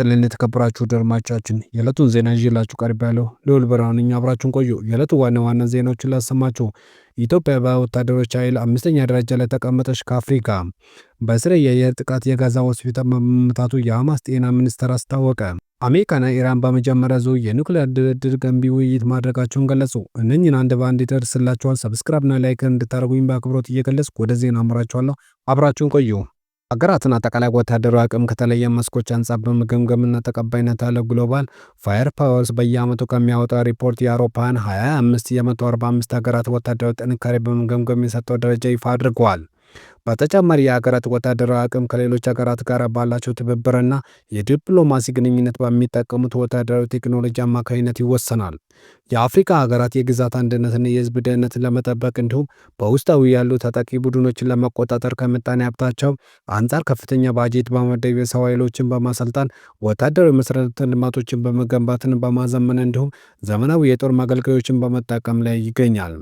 ይስጥልን የተከበራችሁ ደርማቻችን የዕለቱን ዜና ይዤላችሁ ቀርብ ያለው ልዑል ብርሃኑ ነኝ። አብራችሁን ቆዩ። የዕለቱ ዋና ዋና ዜናዎችን ላሰማችሁ። ኢትዮጵያ በወታደሮች ኃይል አምስተኛ ደረጃ ላይ ተቀመጠች ከአፍሪካ። በእስራኤል የአየር ጥቃት የጋዛ ሆስፒታል መመታቱ የሐማስ ጤና ሚኒስቴር አስታወቀ። አሜሪካና ኢራን በመጀመሪያ ዙር የኒውክሌር ድርድር ገንቢ ውይይት ማድረጋቸውን ገለጹ። እነኝን አንድ በአንድ ይደርስላችኋል። ሰብስክራይብና ላይክ እንድታደርጉኝ በአክብሮት እየገለጽኩ ወደ ዜና አምራችኋለሁ። አብራችሁን ቆዩ። ሀገራትን አጠቃላይ ወታደራዊ አቅም ከተለየ መስኮች አንጻር በመገምገምና ተቀባይነት አለ። ግሎባል ፋየር ፓወርስ በየዓመቱ ከሚያወጣው ሪፖርት የአውሮፓን 25 የ145 ሀገራት ወታደራዊ ጥንካሬ በመገምገም የሰጠው ደረጃ ይፋ አድርገዋል። በተጨማሪ የሀገራት ወታደራዊ አቅም ከሌሎች ሀገራት ጋር ባላቸው ትብብርና የዲፕሎማሲ ግንኙነት በሚጠቀሙት ወታደራዊ ቴክኖሎጂ አማካኝነት ይወሰናል። የአፍሪካ ሀገራት የግዛት አንድነትና የህዝብ ደህንነትን ለመጠበቅ እንዲሁም በውስጣዊ ያሉ ታጣቂ ቡድኖችን ለመቆጣጠር ከምጣኔ ሀብታቸው አንጻር ከፍተኛ ባጀት በመደብ የሰው ኃይሎችን በማሰልጣን ወታደራዊ መሰረተ ልማቶችን በመገንባትን በማዘመን እንዲሁም ዘመናዊ የጦር መገልገያዎችን በመጠቀም ላይ ይገኛል።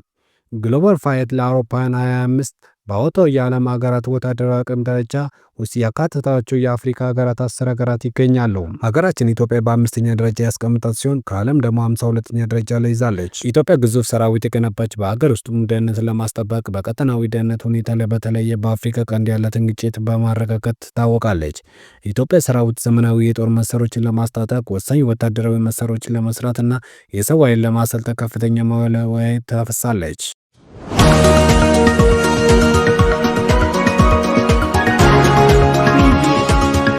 ግሎባል ፋየት ለአውሮፓውያን 25 በአውቶው የዓለም ሀገራት ወታደራዊ አቅም ደረጃ ውስጥ ያካተታቸው የአፍሪካ ሀገራት አስር ሀገራት ይገኛሉ። ሀገራችን ኢትዮጵያ በአምስተኛ ደረጃ ያስቀምጣት ሲሆን ከዓለም ደግሞ ሀምሳ ሁለተኛ ደረጃ ላይ ይዛለች። ኢትዮጵያ ግዙፍ ሰራዊት የገነባች በሀገር ውስጥም ደህንነት ለማስጠበቅ በቀጠናዊ ደህንነት ሁኔታ ላይ በተለየ በአፍሪካ ቀንድ ያላትን ግጭት በማረጋገጥ ትታወቃለች። ኢትዮጵያ ሰራዊት ዘመናዊ የጦር መሳሪያዎችን ለማስታጠቅ ወሳኝ ወታደራዊ መሳሪያዎችን ለመስራት እና የሰው ኃይል ለማሰልጠን ከፍተኛ መዋዕለ ንዋይ ታፈሳለች።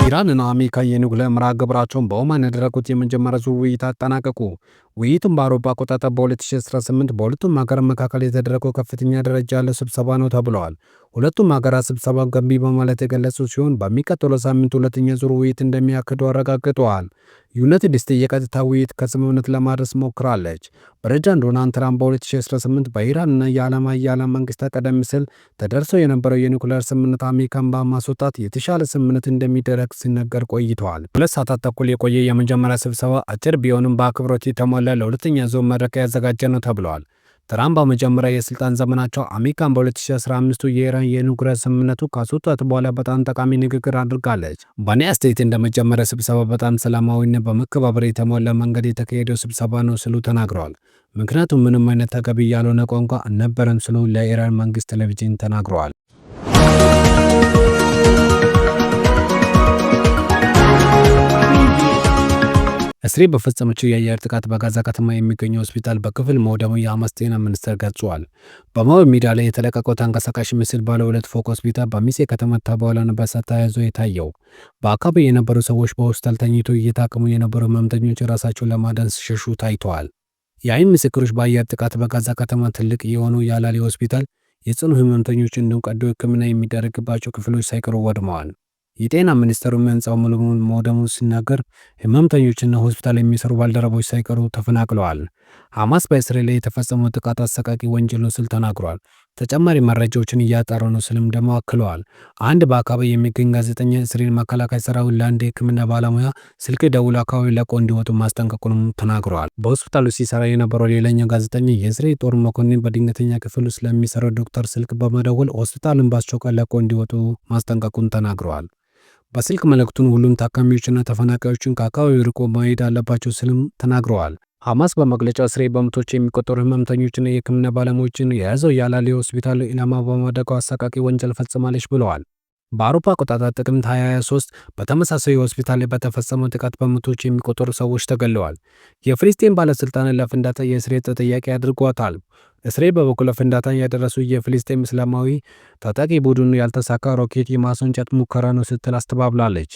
እና አሜሪካ የኒውክሌር መርሃ ግብራቸውን በኦማን ያደረጉት የመጀመሪያ ዙር ውይይት አጠናቀቁ። ውይይቱም በአውሮፓ አቆጣጠር በ2018 በሁለቱም ሀገራት መካከል የተደረገው ከፍተኛ ደረጃ ያለው ስብሰባ ነው ተብለዋል። ሁለቱም ሀገራት ስብሰባው ገንቢ በማለት የገለጹ ሲሆን በሚቀጥለው ሳምንት ሁለተኛ ዙር ውይይት እንደሚያክዱ አረጋግጠዋል። ዩናይትድ ስቴትስ የቀጥታ ውይይት ከስምምነት ለማድረስ ሞክራለች። ፕሬዚዳንት ዶናልድ ትራምፕ በ2018 በኢራንና የዓለም ኃያላን መንግስታት ቀደም ሲል ተደርሰው የነበረው የኒውክሌር ስምምነት አሜሪካን በማስወጣት የተሻለ ስምምነት እንደሚደረግ ሲነገር ቆይተዋል። ሁለት ሰዓታት ተኩል የቆየ የመጀመሪያ ስብሰባ አጭር ቢሆንም በአክብሮት የተሞላ ለሁለተኛ ዙር መድረክ ያዘጋጀ ነው ተብለዋል። ትራምፕ በመጀመሪያ የስልጣን ዘመናቸው አሜሪካን በ2015 የኢራን የኑክሌር ስምምነቱ ካስወጣት በኋላ በጣም ጠቃሚ ንግግር አድርጋለች። በእኔ አስተያየት እንደመጀመሪያ ስብሰባ በጣም ሰላማዊና በመከባበር የተሞላ መንገድ የተካሄደው ስብሰባ ነው ስሉ ተናግረዋል። ምክንያቱም ምንም አይነት ተገቢ ያልሆነ ቋንቋ አልነበረም ስሉ ለኢራን መንግስት ቴሌቪዥን ተናግረዋል። እስራኤል በፈጸመችው የአየር ጥቃት በጋዛ ከተማ የሚገኘው ሆስፒታል በክፍል መውደሙን የሐማስ ጤና ሚኒስቴር ገልጿል። በማህበራዊ ሚዲያ ላይ የተለቀቀው ተንቀሳቃሽ ምስል ባለ ሁለት ፎቅ ሆስፒታል በሚስ ከተመታ በኋላ ነው በእሳት ተያይዞ የታየው። በአካባቢ የነበሩ ሰዎች በሆስፒታል ተኝቶ እየታከሙ የነበሩ ህመምተኞች ራሳቸውን ለማዳን ሲሸሹ ታይተዋል። የአይን ምስክሮች በአየር ጥቃት በጋዛ ከተማ ትልቅ የሆነው የአላሊ ሆስፒታል የጽኑ ህመምተኞች እንዲሁም ቀዶ ህክምና የሚደረግባቸው ክፍሎች ሳይቀሩ ወድመዋል። የጤና ሚኒስቴሩ ህንፃው ሙሉ በሙሉ መውደሙን ሲናገር ህመምተኞችና ሆስፒታል የሚሰሩ ባልደረቦች ሳይቀሩ ተፈናቅለዋል። ሐማስ በእስራኤል ላይ የተፈጸመው ጥቃት አሰቃቂ ወንጀል ነው ሲል ተናግሯል። ተጨማሪ መረጃዎችን እያጣሩ ነው ሲልም ደግሞ አክለዋል። አንድ በአካባቢ የሚገኝ ጋዜጠኛ እስራኤል መከላከያ ሰራዊት ለአንድ የህክምና ባለሙያ ስልክ ደውሎ አካባቢ ለቆ እንዲወጡ ማስጠንቀቁንም ተናግረዋል። በሆስፒታሉ ሲሰራ የነበረው ሌላኛው ጋዜጠኛ የእስራኤል ጦር መኮንን በድንገተኛ ክፍል ውስጥ ለሚሰራው ዶክተር ስልክ በመደወል ሆስፒታሉን በአስቸኳይ ለቆ እንዲወጡ ማስጠንቀቁን ተናግረዋል። በስልክ መልእክቱን ሁሉም ታካሚዎችና ተፈናቃዮችን ከአካባቢው ርቆ መሄድ አለባቸው ስልም ተናግረዋል። ሐማስ በመግለጫው ስሬ በመቶች የሚቆጠሩ ህመምተኞችና የህክምና ባለሙያዎችን የያዘው የአላሌ ሆስፒታል ኢላማ በማድረግ አሰቃቂ ወንጀል ፈጽማለች ብለዋል። በአውሮፓ አቆጣጠር ጥቅምት 2023 በተመሳሳይ ሆስፒታል ላይ በተፈጸመው ጥቃት በመቶች የሚቆጠሩ ሰዎች ተገለዋል። የፍልስጤን ባለሥልጣን ለፍንዳታ የእስራኤል ተጠያቂ አድርጓታል። እስራኤል በበኩሏ ፍንዳታን ያደረሱ የፍልስጤም እስላማዊ ታጣቂ ቡድኑ ያልተሳካ ሮኬት የማስወንጨት ሙከራ ነው ስትል አስተባብላለች።